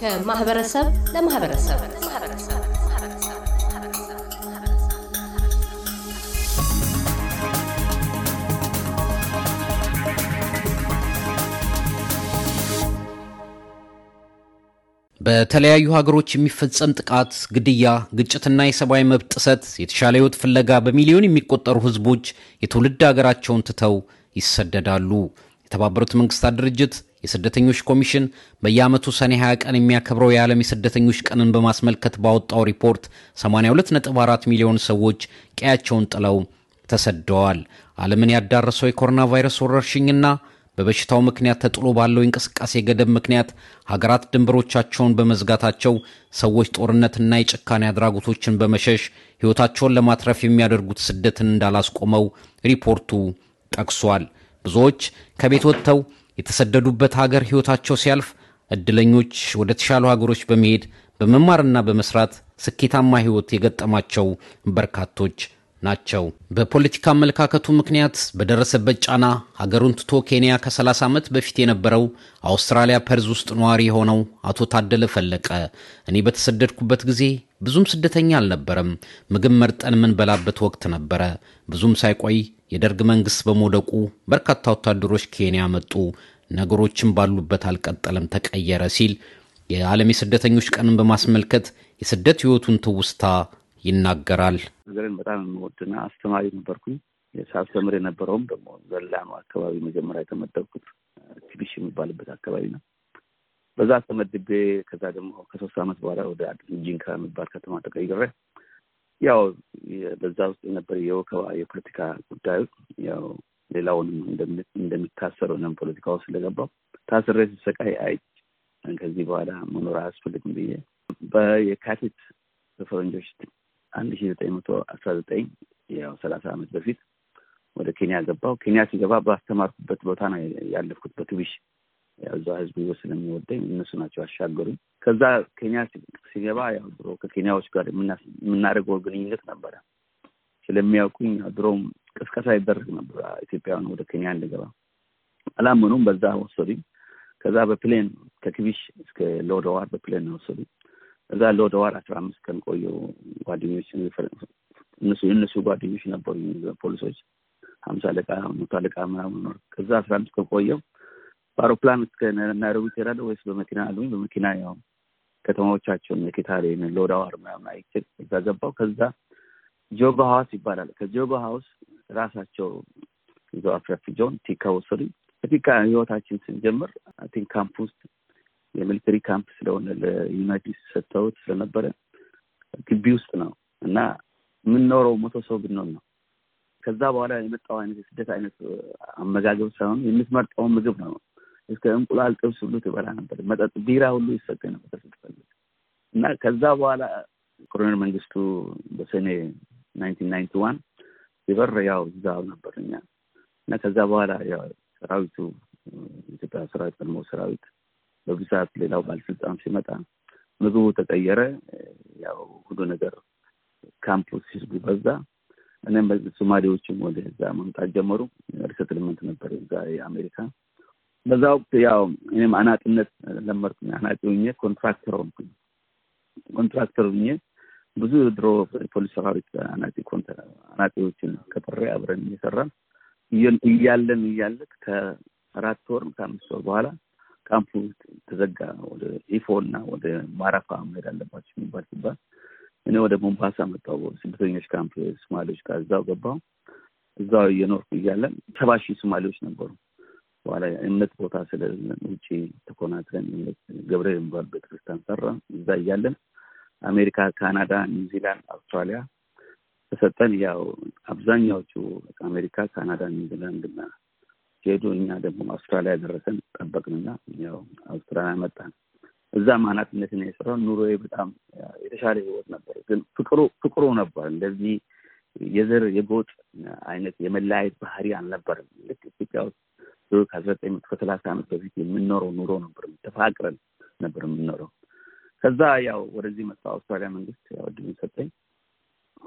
ከማህበረሰብ ለማህበረሰብ በተለያዩ ሀገሮች የሚፈጸም ጥቃት፣ ግድያ፣ ግጭትና የሰብአዊ መብት ጥሰት የተሻለ ህይወት ፍለጋ በሚሊዮን የሚቆጠሩ ህዝቦች የትውልድ ሀገራቸውን ትተው ይሰደዳሉ። የተባበሩት መንግስታት ድርጅት የስደተኞች ኮሚሽን በየዓመቱ ሰኔ 20 ቀን የሚያከብረው የዓለም የስደተኞች ቀንን በማስመልከት ባወጣው ሪፖርት 82.4 ሚሊዮን ሰዎች ቀያቸውን ጥለው ተሰደዋል። ዓለምን ያዳረሰው የኮሮና ቫይረስ ወረርሽኝና በበሽታው ምክንያት ተጥሎ ባለው የእንቅስቃሴ ገደብ ምክንያት ሀገራት ድንበሮቻቸውን በመዝጋታቸው ሰዎች ጦርነትና የጭካኔ አድራጎቶችን በመሸሽ ሕይወታቸውን ለማትረፍ የሚያደርጉት ስደትን እንዳላስቆመው ሪፖርቱ ጠቅሷል። ብዙዎች ከቤት ወጥተው የተሰደዱበት ሀገር ሕይወታቸው ሲያልፍ ዕድለኞች ወደ ተሻሉ ሀገሮች በመሄድ በመማርና በመስራት ስኬታማ ሕይወት የገጠማቸው በርካቶች ናቸው። በፖለቲካ አመለካከቱ ምክንያት በደረሰበት ጫና ሀገሩን ትቶ ኬንያ ከ30 ዓመት በፊት የነበረው አውስትራሊያ ፐርዝ ውስጥ ነዋሪ የሆነው አቶ ታደለ ፈለቀ እኔ በተሰደድኩበት ጊዜ ብዙም ስደተኛ አልነበረም። ምግብ መርጠን የምንበላበት ወቅት ነበረ። ብዙም ሳይቆይ የደርግ መንግሥት በመውደቁ በርካታ ወታደሮች ኬንያ መጡ። ነገሮችን ባሉበት አልቀጠለም፣ ተቀየረ ሲል የዓለም የስደተኞች ቀንን በማስመልከት የስደት ሕይወቱን ትውስታ ይናገራል። ነገርን በጣም የምወድና አስተማሪ ነበርኩኝ። ሳስተምር የነበረውም ደግሞ ዘላኑ አካባቢ መጀመሪያ የተመደብኩት ቲቢሽ የሚባልበት አካባቢ ነው። በዛ ተመድቤ ከዛ ደግሞ ከሶስት ዓመት በኋላ ወደ ጂንካ የሚባል ከተማ ተቀይሬ ያው በዛ ውስጥ የነበር የወከባ የፖለቲካ ጉዳዩ ያው ሌላውንም እንደሚታሰረው ነ ፖለቲካ ውስጥ ስለገባው ታስሬ ስሰቃይ አይ ከዚህ በኋላ መኖር አያስፈልግም ብዬ በየካቲት በፈረንጆች አንድ ሺ ዘጠኝ መቶ አስራ ዘጠኝ ያው ሰላሳ አመት በፊት ወደ ኬንያ ገባው። ኬንያ ሲገባ ባስተማርኩበት ቦታ ነው ያለፍኩት በትቢሽ እዛ ህዝብ ስለሚወደኝ እነሱ ናቸው አሻገሩኝ። ከዛ ኬንያ ሲገባ ያው ድሮ ከኬንያዎች ጋር የምናደርገው ግንኙነት ነበረ። ስለሚያውቁኝ ድሮም ቅስቀሳ ይደረግ ነበር ኢትዮጵያውያን ወደ ኬንያ እንደገባ አላመኑም። በዛ ወሰዱኝ። ከዛ በፕሌን ከትቢሽ እስከ ሎዶዋር በፕሌን ነው ወሰዱኝ። እዛ ለወደ ዋር አስራ አምስት ቀን ቆዩ ጓደኞች እነሱ የእነሱ ጓደኞች ነበሩ ፖሊሶች፣ ሀምሳ አለቃ መቶ አለቃ ምናምን ኖር ከዛ አስራ አምስት ቀን ቆየው በአውሮፕላን እስከ ናይሮቢ ትሄዳለህ ወይስ በመኪና አሉ በመኪና ያው ከተማዎቻቸውን ኬታሬን፣ ሎዳ ዋር ምናምን አይችል እዛ ገባው ከዛ ጆጎ ሀውስ ይባላል። ከጆጎ ሀውስ ራሳቸው ይዘው አስረፍጀውን ቲካ ወሰዱኝ። ቲካ ህይወታችን ስንጀምር ቲንክ ካምፕ ውስጥ የሚሊተሪ ካምፕ ስለሆነ ለዩናይትድ ሰጥተውት ስለነበረ ግቢ ውስጥ ነው እና የምንኖረው መቶ ሰው ብንሆን ነው። ከዛ በኋላ የመጣው አይነት የስደት አይነት አመጋገብ ሳይሆን የምትመርጠውን ምግብ ነው። እስከ እንቁላል ጥብስ ሁሉ ትበላ ነበር። መጠጥ ቢራ ሁሉ ይሰገ ነበር ስትፈልግ እና ከዛ በኋላ ኮሎኔል መንግስቱ በሰኔ ናይንቲን ናይንቲ ዋን ሲበር ያው እዛ ነበር እኛ እና ከዛ በኋላ ያው ሰራዊቱ ኢትዮጵያ ሰራዊት ቀድሞ ሰራዊት በብዛት ሌላው ባለስልጣን ሲመጣ ምግቡ ተቀየረ። ያው ሁሉ ነገር ካምፕስ ህዝቡ በዛ። እኔም ሶማሌዎችም ወደ ዛ መምጣት ጀመሩ። ሪሰትልመንት ነበር እዛ የአሜሪካ በዛ ወቅት ያው እኔም አናጥነት ለመርኩ። አናጢ ሁኜ ኮንትራክተር ሆንኩ። ኮንትራክተር ሁኜ ብዙ ድሮ ፖሊስ ሰራዊት አናጢ አናጢዎችን ከጥሬ አብረን እየሰራን እያለን እያለ ከአራት ወር ከአምስት ወር በኋላ ካምፕ ውስጥ ተዘጋ፣ ወደ እና ወደ ማረፋ መሄድ አለባቸው የሚባል ሲባል እኔ ወደ ሞምባሳ መጣሁ። ስደተኞች ካምፕ ሶማሌዎች ጋር እዛው ገባሁ። እዛው እየኖርኩ እያለን ሰባ ሺህ ሶማሌዎች ነበሩ። በኋላ የእምነት ቦታ ስለ ውጭ ተኮናትረን ገብርኤል የሚባል ቤተክርስቲያን ሰራ። እዛ እያለን አሜሪካ፣ ካናዳ፣ ኒውዚላንድ፣ አውስትራሊያ ተሰጠን። ያው አብዛኛዎቹ አሜሪካ፣ ካናዳ፣ ኒውዚላንድ እና ሄዱ። እኛ ደግሞ አውስትራሊያ ደረሰን። ጠበቅንና ያው አውስትራሊያ መጣን። እዛ ማናትነት ነው የሰራው። ኑሮ በጣም የተሻለ ህይወት ነበር፣ ግን ፍቅሩ ፍቅሩ ነበር። እንደዚህ የዘር የጎጥ አይነት የመለያየት ባህሪ አልነበርም። ልክ ኢትዮጵያ ውስጥ ከአስራ ዘጠኝ መቶ ከሰላሳ ዓመት በፊት የምንኖረው ኑሮ ነበር። ተፋቅረን ነበር የምንኖረው። ከዛ ያው ወደዚህ መጣሁ። አውስትራሊያ መንግስት ያው እድሉን ሰጠኝ።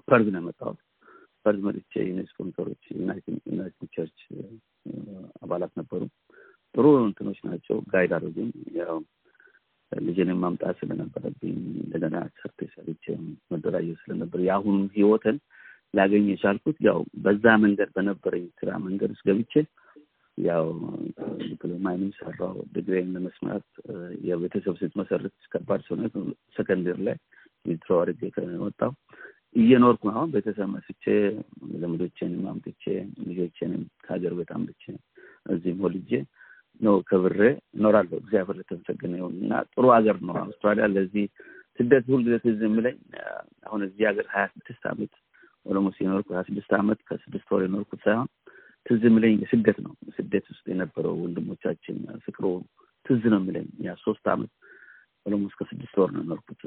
ፐርዝ ነው የመጣሁት። ፐርዝ መጥቼ ዩኔስኮ ዩናይትድ ቸርች አባላት ነበሩ ጥሩ እንትኖች ናቸው። ጋይድ አድርጉኝ። ያው ልጅንም ማምጣት ስለነበረብኝ እንደገና ሰርት ሰርቼ መደራጀት ስለነበር የአሁኑ ህይወትን ላገኝ የቻልኩት ያው በዛ መንገድ በነበረኝ ስራ መንገድ ውስጥ ገብቼ ያው ዲፕሎማይንም ሰራው ድግሬን ለመስማት የቤተሰብ ስት መሰረት ከባድ ሰሆነ ሰከንድር ላይ ሚትሮ አድርጌ ከወጣው እየኖርኩ አሁን ቤተሰብ መስቼ ዘመዶቼንም አምጥቼ ልጆቼንም ከሀገር ቤት አምጥቼ እዚህም ሆልጄ ነው ከብሬ እኖራለሁ። እግዚአብሔር ለተመሰገነ ይሁን እና ጥሩ ሀገር ነው አውስትራሊያ። ለዚህ ስደት ሁል ጊዜ ትዝ የምለኝ አሁን እዚህ ሀገር ሀያ ስድስት ዓመት ኦሎሞስ የኖርኩ ሀያ ስድስት ዓመት ከስድስት ወር የኖርኩት ሳይሆን ትዝ የምለኝ ስደት ነው። ስደት ውስጥ የነበረው ወንድሞቻችን ፍቅሮ ትዝ ነው የምለኝ። ያ ሶስት ዓመት ኦሎሞስ ከስድስት ወር ነው የኖርኩት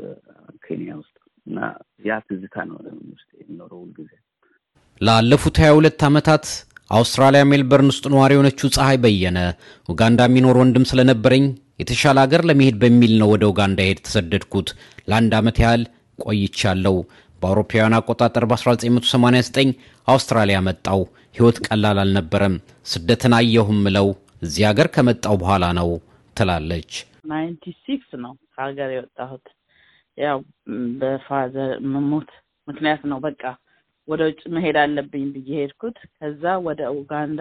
ኬንያ ውስጥ እና ያ ትዝታ ነው ውስጥ የሚኖረው ጊዜ ላለፉት ሀያ ሁለት አመታት አውስትራሊያ ሜልበርን ውስጥ ነዋሪ የሆነችው ፀሐይ በየነ ኡጋንዳ የሚኖር ወንድም ስለነበረኝ የተሻለ አገር ለመሄድ በሚል ነው ወደ ኡጋንዳ ሄድ ተሰደድኩት። ለአንድ ዓመት ያህል ቆይቻለሁ። በአውሮፓውያን አቆጣጠር በ1989 አውስትራሊያ መጣው። ሕይወት ቀላል አልነበረም። ስደትን አየሁም ምለው እዚህ ሀገር ከመጣው በኋላ ነው ትላለች። ናይንቲ ሲክስ ነው ከሀገር የወጣሁት። ያው በፋዘር መሞት ምክንያት ነው በቃ ወደ ውጭ መሄድ አለብኝ ብዬ ሄድኩት። ከዛ ወደ ኡጋንዳ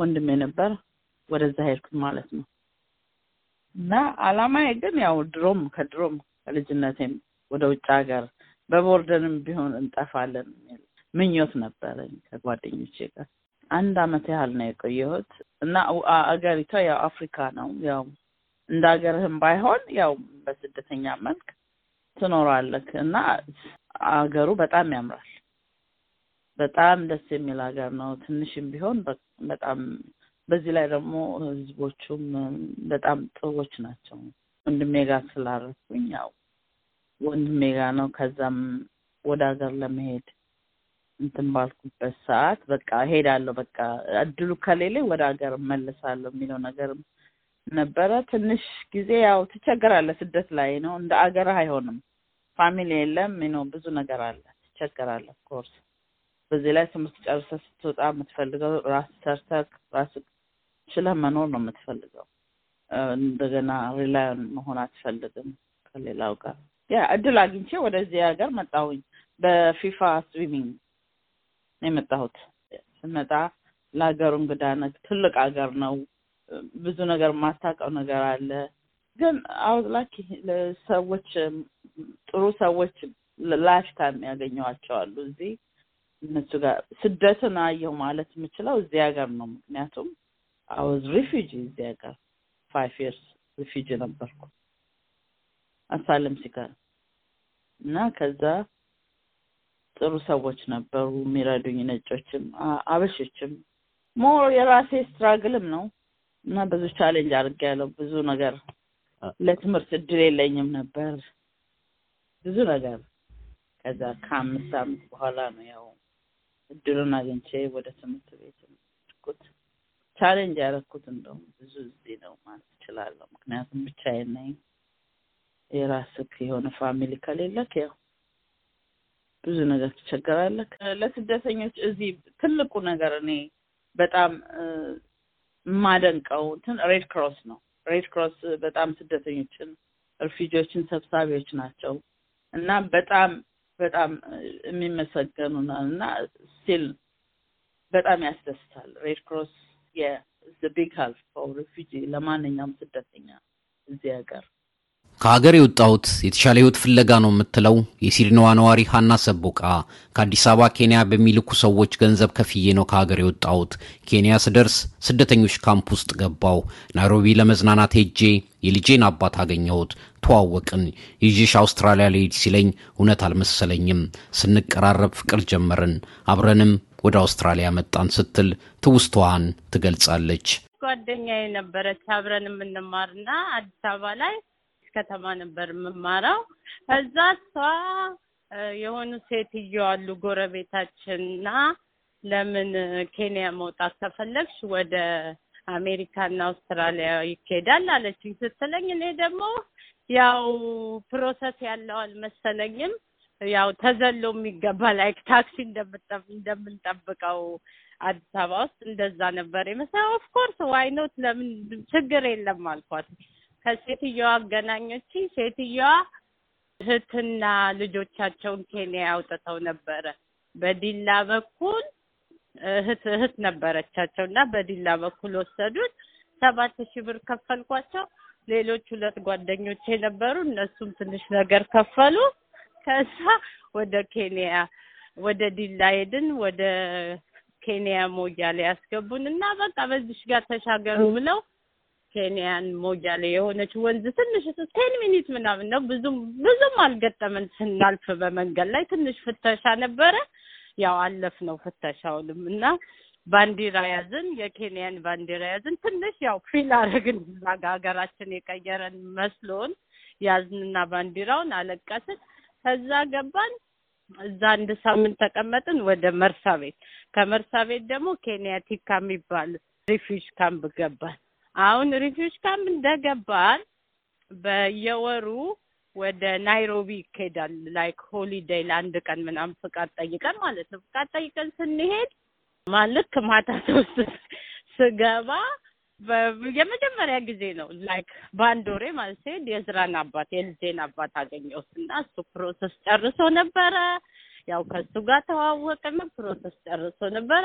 ወንድሜ ነበር፣ ወደዛ ሄድኩት ማለት ነው። እና አላማዬ ግን ያው ድሮም ከድሮም ከልጅነቴም ወደ ውጭ ሀገር በቦርደንም ቢሆን እንጠፋለን የሚል ምኞት ነበረኝ ከጓደኞቼ ጋር። አንድ አመት ያህል ነው የቆየሁት እና አገሪቷ ያው አፍሪካ ነው። ያው እንደ ሀገርህም ባይሆን ያው በስደተኛ መልክ ትኖራለህ እና አገሩ በጣም ያምራል። በጣም ደስ የሚል ሀገር ነው። ትንሽም ቢሆን በጣም በዚህ ላይ ደግሞ ህዝቦቹም በጣም ጥሩዎች ናቸው። ወንድሜ ጋር ስላረኩኝ ያው ወንድሜ ጋር ነው። ከዛም ወደ ሀገር ለመሄድ እንትን ባልኩበት ሰዓት በቃ እሄዳለሁ፣ በቃ እድሉ ከሌለ ወደ ሀገር መለሳለሁ የሚለው ነገርም ነበረ። ትንሽ ጊዜ ያው ትቸገራለህ፣ ስደት ላይ ነው። እንደ አገርህ አይሆንም፣ ፋሚሊ የለም ነው፣ ብዙ ነገር አለ፣ ትቸገራለህ ኮርስ በዚህ ላይ ትምህርት ጨርሰህ ስትወጣ የምትፈልገው ራስ ሰርተክ ራስ ችለ መኖር ነው የምትፈልገው። እንደገና ሪላይ መሆን አትፈልግም ከሌላው ጋር። ያ እድል አግኝቼ ወደዚህ ሀገር መጣሁኝ። በፊፋ ስዊሚንግ ነው የመጣሁት። ስመጣ ለሀገሩ እንግዳ ነህ። ትልቅ ሀገር ነው። ብዙ ነገር የማታውቀው ነገር አለ። ግን አውዝ ላኪ ሰዎች ጥሩ ሰዎች ላይፍ ታይም ያገኘዋቸዋሉ እዚህ እነሱ ጋር ስደትን አየሁ ማለት የምችለው እዚህ ሀገር ነው። ምክንያቱም አወዝ ሪፊጂ እዚህ ሀገር ፋይቭ ይርስ ሪፊጂ ነበርኩ አሳለም ሲጋር እና ከዛ ጥሩ ሰዎች ነበሩ የሚረዱኝ፣ ነጮችም አበሾችም ሞር የራሴ ስትራግልም ነው እና ብዙ ቻሌንጅ አድርጌያለሁ። ብዙ ነገር ለትምህርት እድል የለኝም ነበር ብዙ ነገር። ከዛ ከአምስት አመት በኋላ ነው ያው እድሉን አግኝቼ ወደ ትምህርት ቤት የመጡት ቻሌንጅ ያደረኩት እንደውም ብዙ እዚህ ነው ማለት እችላለሁ። ምክንያቱም ብቻዬን ነኝ። የራስህ የሆነ ፋሚሊ ከሌለክ ያው ብዙ ነገር ትቸገራለህ። ለስደተኞች እዚህ ትልቁ ነገር እኔ በጣም የማደንቀው እንትን ሬድ ክሮስ ነው። ሬድ ክሮስ በጣም ስደተኞችን፣ ሪፊውጂዎችን ሰብሳቢዎች ናቸው እና በጣም በጣም የሚመሰገኑ እና still በጣም ያስደስታል። ሬድ ክሮስ የዘ ቢግ ሀልፍ ፎር ሪፊጂ ለማንኛውም ስደተኛ እዚህ ሀገር ከሀገር የወጣሁት የተሻለ ህይወት ፍለጋ ነው የምትለው የሲድኒዋ ነዋሪ ሀና ሰቦቃ ከአዲስ አበባ ኬንያ በሚልኩ ሰዎች ገንዘብ ከፍዬ ነው ከሀገር የወጣሁት። ኬንያ ስደርስ ስደተኞች ካምፕ ውስጥ ገባው። ናይሮቢ ለመዝናናት ሄጄ የልጄን አባት አገኘሁት። ተዋወቅን። ይዤሽ አውስትራሊያ ልሄድ ሲለኝ እውነት አልመሰለኝም። ስንቀራረብ ፍቅር ጀመርን። አብረንም ወደ አውስትራሊያ መጣን ስትል ትውስታዋን ትገልጻለች። ጓደኛዬ ነበረች አብረን የምንማርና አዲስ አበባ ላይ ከተማ ነበር የምማረው። እዛ እሷ የሆኑ ሴትዮ አሉ ጎረቤታችን እና ለምን ኬንያ መውጣት ከፈለግሽ ወደ አሜሪካና አውስትራሊያ ይኬዳል አለችኝ። ስትለኝ እኔ ደግሞ ያው ፕሮሰስ ያለው አልመሰለኝም። ያው ተዘሎ የሚገባ ላይክ ታክሲ እንደምንጠብቀው አዲስ አበባ ውስጥ እንደዛ ነበር የመሰለው። ኦፍኮርስ ዋይኖት ለምን ችግር የለም አልኳት። ከሴትዮዋ አገናኞች። ሴትዮዋ እህትና ልጆቻቸውን ኬንያ አውጥተው ነበረ በዲላ በኩል እህት እህት ነበረቻቸው እና በዲላ በኩል ወሰዱት። ሰባት ሺህ ብር ከፈልኳቸው። ሌሎች ሁለት ጓደኞች የነበሩ እነሱም ትንሽ ነገር ከፈሉ። ከዛ ወደ ኬንያ ወደ ዲላ ሄድን። ወደ ኬንያ ሞያሌ ያስገቡን እና በቃ በዚሽ ጋር ተሻገሩ ብለው ኬንያን ሞያሌ የሆነች ወንዝ ትንሽ ቴን ሚኒት ምናምን ነው። ብዙም ብዙም አልገጠመን ስናልፍ በመንገድ ላይ ትንሽ ፍተሻ ነበረ። ያው አለፍ ነው ፍተሻውንም እና ባንዲራ ያዝን፣ የኬንያን ባንዲራ ያዝን። ትንሽ ያው ፊል አረግን እዛ ጋ ሀገራችን የቀየረን መስሎን ያዝንና ባንዲራውን አለቀስን። ከዛ ገባን። እዛ አንድ ሳምንት ተቀመጥን። ወደ መርሳ ቤት፣ ከመርሳ ቤት ደግሞ ኬንያቲካ የሚባል ሪፊጅ ካምፕ ገባን። አሁን ሪፊውጅ ካምፕ እንደገባን በየወሩ ወደ ናይሮቢ ይካሄዳል ላይክ ሆሊዴይ ለአንድ ቀን ምናም ፍቃድ ጠይቀን ማለት ነው። ፍቃድ ጠይቀን ስንሄድ ማልክ ማታ ሶስት ስገባ የመጀመሪያ ጊዜ ነው ላይክ በአንድ ወሬ ማለት ሲሄድ የዝራን አባት የልጄን አባት አገኘሁት እና እሱ ፕሮሰስ ጨርሶ ነበረ። ያው ከሱ ጋር ተዋወቅን። ፕሮሰስ ጨርሶ ነበረ።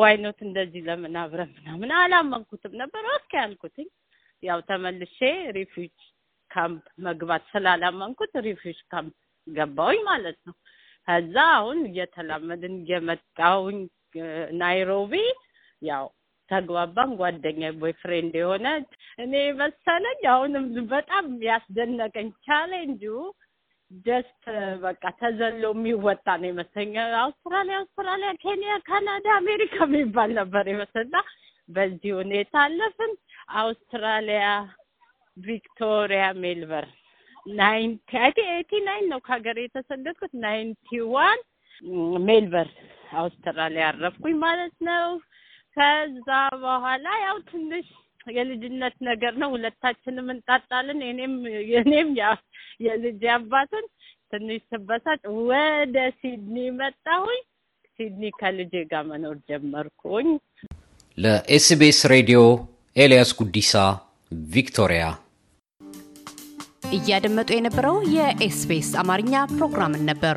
ዋይኖት እንደዚህ ለምን አብረን ምናምን አላመንኩትም ነበር። ኦኬ ያልኩትኝ ያው ተመልሼ ሪፊውጅ ካምፕ መግባት ስላላመንኩት ሪፊውጅ ካምፕ ገባሁኝ ማለት ነው። ከዛ አሁን እየተላመድን እየመጣሁኝ ናይሮቢ ያው ተግባባን። ጓደኛ ቦይፍሬንድ የሆነ እኔ መሰለኝ አሁንም በጣም ያስደነቀኝ ቻሌንጁ ጀስት uh, በቃ ተዘሎ የሚወጣ ነው የመሰለኝ። አውስትራሊያ አውስትራሊያ፣ ኬንያ፣ ካናዳ፣ አሜሪካ የሚባል ነበር የመሰለኝ። በዚህ ሁኔታ አለፍን። አውስትራሊያ ቪክቶሪያ፣ ሜልበር ናይንቲ ኤቲ ናይን ነው ከሀገር የተሰደድኩት። ናይንቲ ዋን ሜልበር አውስትራሊያ አረፍኩኝ ማለት ነው። ከዛ በኋላ ያው ትንሽ የልጅነት ነገር ነው። ሁለታችንም እንጣጣልን። እኔም የኔም የልጅ አባትን ትንሽ ስበሳጭ ወደ ሲድኒ መጣሁኝ። ሲድኒ ከልጄ ጋር መኖር ጀመርኩኝ። ለኤስቢኤስ ሬዲዮ ኤልያስ ጉዲሳ ቪክቶሪያ። እያደመጡ የነበረው የኤስቢኤስ አማርኛ ፕሮግራምን ነበር።